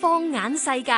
放眼世界，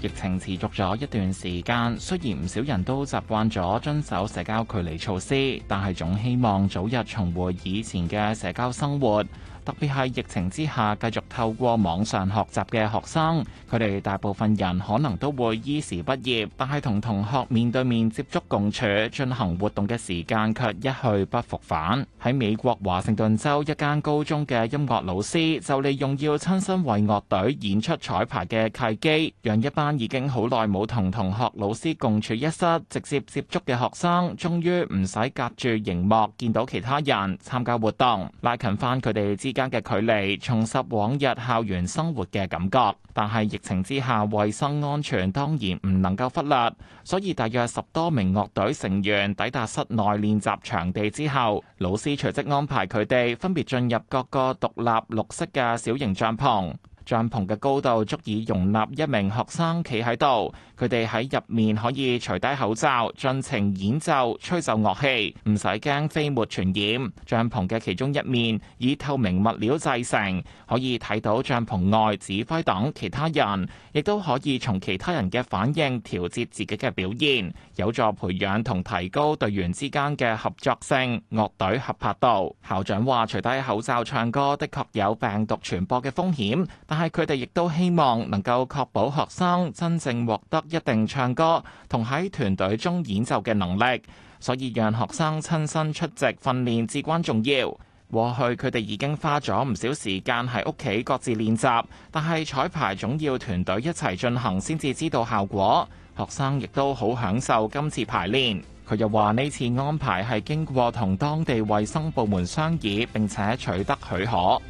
疫情持續咗一段時間，雖然唔少人都習慣咗遵守社交距離措施，但係總希望早日重回以前嘅社交生活。特別係疫情之下，繼續透過網上學習嘅學生，佢哋大部分人可能都會依時畢業，但係同同學面對面接觸共處進行活動嘅時間卻一去不復返。喺美國華盛頓州一間高中嘅音樂老師就利用要親身為樂隊演出彩排嘅契機，讓一班已經好耐冇同同學老師共處一室、直接接觸嘅學生，終於唔使隔住熒幕見到其他人參加活動，拉近翻佢哋之。間嘅距離，重拾往日校園生活嘅感覺，但係疫情之下，衞生安全當然唔能夠忽略。所以，大約十多名樂隊成員抵達室內練習場地之後，老師隨即安排佢哋分別進入各個獨立綠色嘅小型帳篷。帳篷嘅高度足以容納一名學生企喺度，佢哋喺入面可以除低口罩，盡情演奏、吹奏樂器，唔使驚飛沫傳染。帳篷嘅其中一面以透明物料製成，可以睇到帳篷外指揮黨其他人，亦都可以從其他人嘅反應調節自己嘅表現，有助培養同提高隊員之間嘅合作性、樂隊合拍度。校長話：除低口罩唱歌，的確有病毒傳播嘅風險。但係佢哋亦都希望能夠確保學生真正獲得一定唱歌同喺團隊中演奏嘅能力，所以讓學生親身出席訓練至關重要。過去佢哋已經花咗唔少時間喺屋企各自練習，但係彩排總要團隊一齊進行先至知道效果。學生亦都好享受今次排練。佢又話：呢次安排係經過同當地衛生部門商議並且取得許可。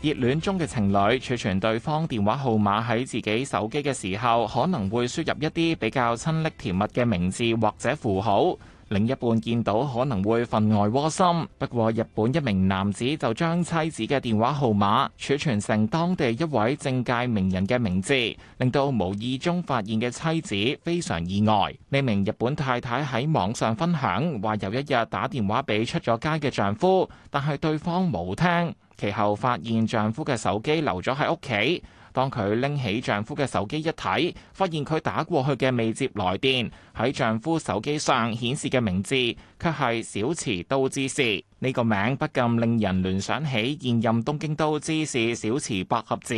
熱戀中嘅情侶儲存對方電話號碼喺自己手機嘅時候，可能會輸入一啲比較親暱甜蜜嘅名字或者符號。另一半見到可能會份外窩心，不過日本一名男子就將妻子嘅電話號碼儲存成當地一位政界名人嘅名字，令到無意中發現嘅妻子非常意外。呢名日本太太喺網上分享話，有一日打電話俾出咗街嘅丈夫，但係對方冇聽，其後發現丈夫嘅手機留咗喺屋企。當佢拎起丈夫嘅手機一睇，發現佢打過去嘅未接來電，喺丈夫手機上顯示嘅名字，卻係小池都知事。呢個名不禁令人聯想起現任東京都知事小池百合子，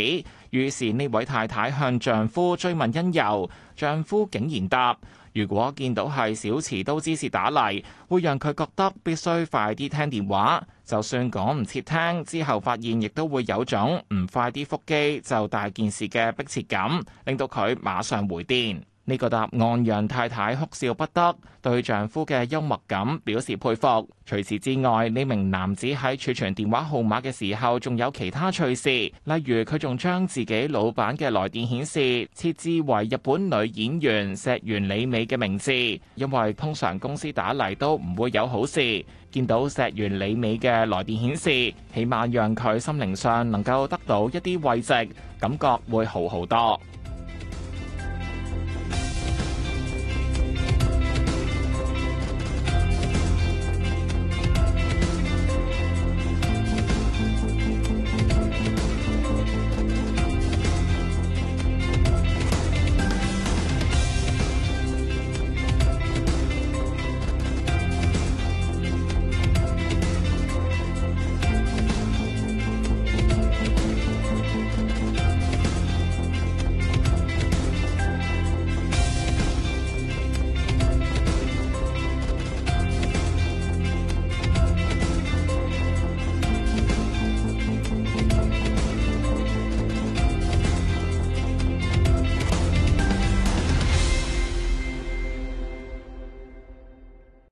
於是呢位太太向丈夫追問因由，丈夫竟然答：如果見到係小池都知事打嚟，會讓佢覺得必須快啲聽電話，就算趕唔切聽，之後發現亦都會有種唔快啲覆機就大件事嘅迫切感，令到佢馬上回電。呢個答案讓太太哭笑不得，對丈夫嘅幽默感表示佩服。除此之外，呢名男子喺儲存電話號碼嘅時候，仲有其他趣事，例如佢仲將自己老闆嘅來電顯示設置為日本女演員石原里美嘅名字，因為通常公司打嚟都唔會有好事。見到石原里美嘅來電顯示，起碼讓佢心靈上能夠得到一啲慰藉，感覺會好好多。